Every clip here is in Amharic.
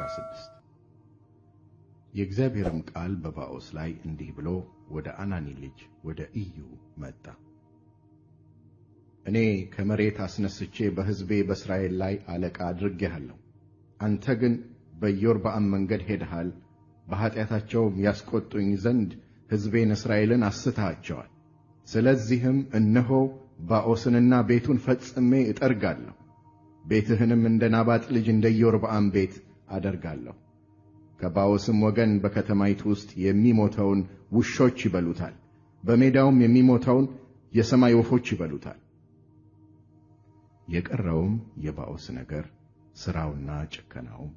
16 የእግዚአብሔርም ቃል በባኦስ ላይ እንዲህ ብሎ ወደ አናኒ ልጅ ወደ ኢዩ መጣ። እኔ ከመሬት አስነስቼ በሕዝቤ በእስራኤል ላይ አለቃ አድርጌሃለሁ። አንተ ግን በኢዮርብዓም መንገድ ሄደሃል፣ በኀጢአታቸውም ያስቈጡኝ ዘንድ ሕዝቤን እስራኤልን አስተሃቸዋል። ስለዚህም እነሆ ባኦስንና ቤቱን ፈጽሜ እጠርጋለሁ፣ ቤትህንም እንደ ናባጥ ልጅ እንደ ኢዮርብዓም ቤት አደርጋለሁ። ከባኦስም ወገን በከተማይቱ ውስጥ የሚሞተውን ውሾች ይበሉታል፣ በሜዳውም የሚሞተውን የሰማይ ወፎች ይበሉታል። የቀረውም የባኦስ ነገር ሥራውና ጭከናውም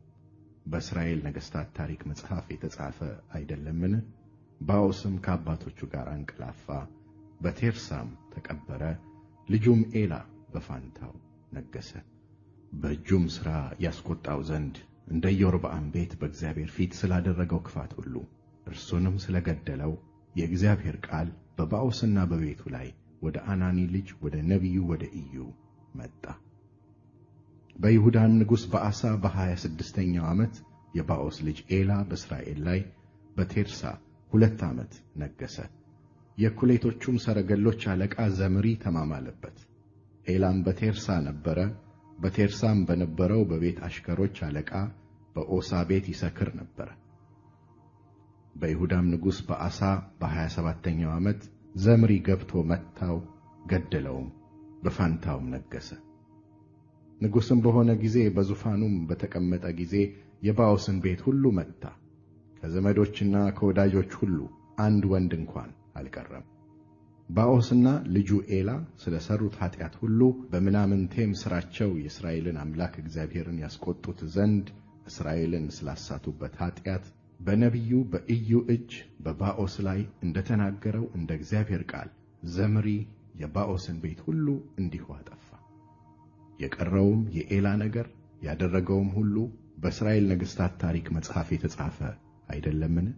በእስራኤል ነገሥታት ታሪክ መጽሐፍ የተጻፈ አይደለምን? ባኦስም ከአባቶቹ ጋር አንቀላፋ፣ በቴርሳም ተቀበረ። ልጁም ኤላ በፋንታው ነገሠ። በእጁም ሥራ ያስቆጣው ዘንድ እንደ ኢዮርብዓም ቤት በእግዚአብሔር ፊት ስላደረገው ክፋት ሁሉ እርሱንም ስለገደለው የእግዚአብሔር ቃል በባኦስና በቤቱ ላይ ወደ አናኒ ልጅ ወደ ነቢዩ ወደ ኢዩ መጣ። በይሁዳም ንጉሥ በአሳ 26 ስድስተኛው ዓመት የባኦስ ልጅ ኤላ በእስራኤል ላይ በቴርሳ ሁለት ዓመት ነገሠ። የኩሌቶቹም ሰረገሎች አለቃ ዘምሪ ተማማለበት። ኤላም በቴርሳ ነበረ፣ በቴርሳም በነበረው በቤት አሽከሮች አለቃ በኦሳ ቤት ይሰክር ነበር። በይሁዳም ንጉሥ በአሳ 27 ሰባተኛው ዓመት ዘምሪ ገብቶ መታው፣ ገደለውም፣ በፋንታውም ነገሠ። ንጉሥም በሆነ ጊዜ በዙፋኑም በተቀመጠ ጊዜ የባኦስን ቤት ሁሉ መታ፣ ከዘመዶችና ከወዳጆች ሁሉ አንድ ወንድ እንኳን አልቀረም። ባኦስና ልጁ ኤላ ስለ ሠሩት ኃጢአት ሁሉ በምናምንቴም ሥራቸው የእስራኤልን አምላክ እግዚአብሔርን ያስቈጡት ዘንድ እስራኤልን ስላሳቱበት ኀጢአት በነቢዩ በኢዩ እጅ በባኦስ ላይ እንደ ተናገረው እንደ እግዚአብሔር ቃል ዘምሪ የባኦስን ቤት ሁሉ እንዲሁ አጠፋ። የቀረውም የኤላ ነገር ያደረገውም ሁሉ በእስራኤል ነገሥታት ታሪክ መጽሐፍ የተጻፈ አይደለምን?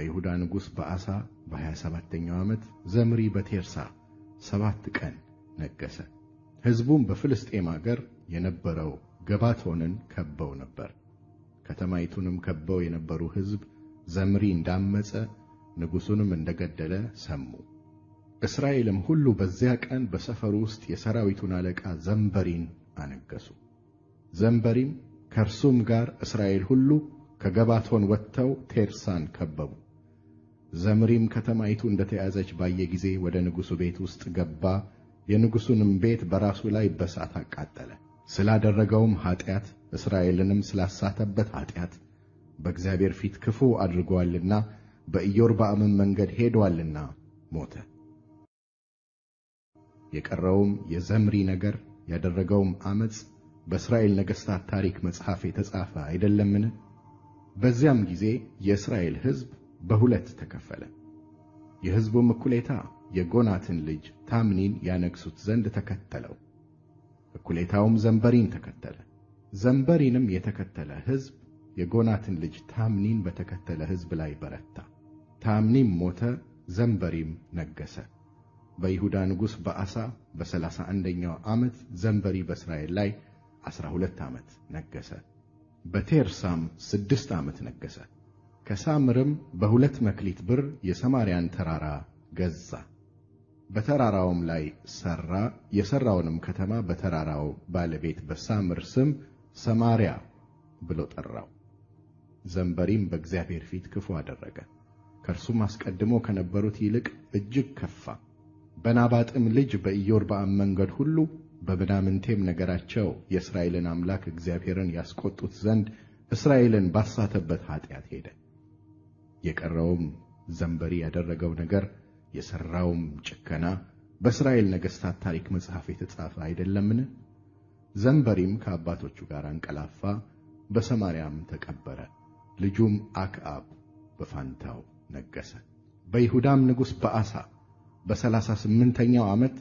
በይሁዳ ንጉሥ በአሳ በሀያ ሰባተኛው ዓመት ዘምሪ በቴርሳ ሰባት ቀን ነገሠ። ሕዝቡም በፍልስጤም አገር የነበረው ገባቶንን ከበው ነበር። ከተማይቱንም ከበው የነበሩ ሕዝብ ዘምሪ እንዳመጸ ንጉሡንም እንደገደለ ሰሙ። እስራኤልም ሁሉ በዚያ ቀን በሰፈሩ ውስጥ የሰራዊቱን አለቃ ዘንበሪን አነገሱ ዘንበሪም ከእርሱም ጋር እስራኤል ሁሉ ከገባቶን ወጥተው ቴርሳን ከበቡ። ዘምሪም ከተማይቱ እንደተያዘች ባየ ጊዜ ወደ ንጉሡ ቤት ውስጥ ገባ፣ የንጉሡንም ቤት በራሱ ላይ በሳት አቃጠለ። ስላደረገውም ኀጢአት እስራኤልንም ስላሳተበት ኀጢአት በእግዚአብሔር ፊት ክፉ አድርጓልና በኢዮርብዓምም መንገድ ሄዷልና ሞተ። የቀረውም የዘምሪ ነገር ያደረገውም ዐመፅ በእስራኤል ነገሥታት ታሪክ መጽሐፍ የተጻፈ አይደለምን? በዚያም ጊዜ የእስራኤል ሕዝብ በሁለት ተከፈለ። የሕዝቡም እኩሌታ የጎናትን ልጅ ታምኒን ያነግሱት ዘንድ ተከተለው። እኩሌታውም ዘንበሪን ተከተለ። ዘንበሪንም የተከተለ ሕዝብ የጎናትን ልጅ ታምኒን በተከተለ ሕዝብ ላይ በረታ። ታምኒም ሞተ፣ ዘንበሪም ነገሰ በይሁዳ ንጉሥ በአሳ በሠላሳ አንደኛው ዓመት ዘንበሪ በእስራኤል ላይ ዐሥራ ሁለት ዓመት ነገሰ በቴርሳም ስድስት ዓመት ነገሠ። ከሳምርም በሁለት መክሊት ብር የሰማርያን ተራራ ገዛ። በተራራውም ላይ ሠራ። የሠራውንም ከተማ በተራራው ባለቤት በሳምር ስም ሰማርያ ብሎ ጠራው። ዘንበሪም በእግዚአብሔር ፊት ክፉ አደረገ፣ ከእርሱም አስቀድሞ ከነበሩት ይልቅ እጅግ ከፋ። በናባጥም ልጅ በኢዮርብዓም መንገድ ሁሉ በምናምንቴም ነገራቸው የእስራኤልን አምላክ እግዚአብሔርን ያስቆጡት ዘንድ እስራኤልን ባሳተበት ኃጢአት ሄደ። የቀረውም ዘንበሪ ያደረገው ነገር የሠራውም ጭከና በእስራኤል ነገሥታት ታሪክ መጽሐፍ የተጻፈ አይደለምን? ዘንበሪም ከአባቶቹ ጋር አንቀላፋ፣ በሰማርያም ተቀበረ። ልጁም አክዓብ በፋንታው ነገሠ። በይሁዳም ንጉሥ በአሳ በሠላሳ ስምንተኛው ዓመት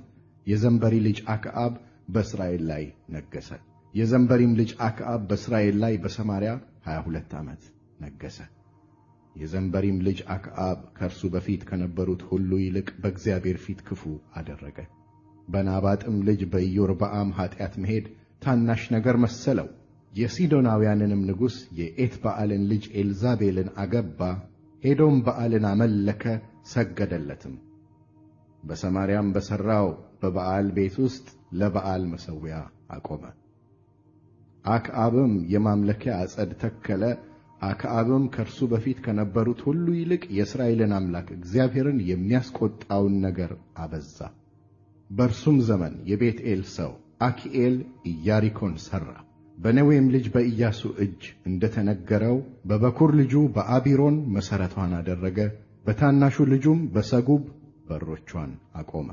የዘንበሪ ልጅ አክዓብ በእስራኤል ላይ ነገሠ። የዘንበሪም ልጅ አክዓብ በእስራኤል ላይ በሰማርያ 22 ዓመት ነገሠ። የዘንበሪም ልጅ አክዓብ ከእርሱ በፊት ከነበሩት ሁሉ ይልቅ በእግዚአብሔር ፊት ክፉ አደረገ። በናባጥም ልጅ በኢዮርብዓም ኃጢአት መሄድ ታናሽ ነገር መሰለው። የሲዶናውያንንም ንጉሥ የኤት በዓልን ልጅ ኤልዛቤልን አገባ። ሄዶም በዓልን አመለከ፣ ሰገደለትም። በሰማርያም በሠራው በበዓል ቤት ውስጥ ለበዓል መሠዊያ አቆመ። አክዓብም የማምለኪያ አጸድ ተከለ፣ አክዓብም ከእርሱ በፊት ከነበሩት ሁሉ ይልቅ የእስራኤልን አምላክ እግዚአብሔርን የሚያስቆጣውን ነገር አበዛ። በእርሱም ዘመን የቤትኤል ሰው አኪኤል ኢያሪኮን ሠራ። በነዌም ልጅ በኢያሱ እጅ እንደ ተነገረው በበኩር ልጁ በአቢሮን መሠረቷን አደረገ። በታናሹ ልጁም በሰጉብ በሮቿን አቆመ።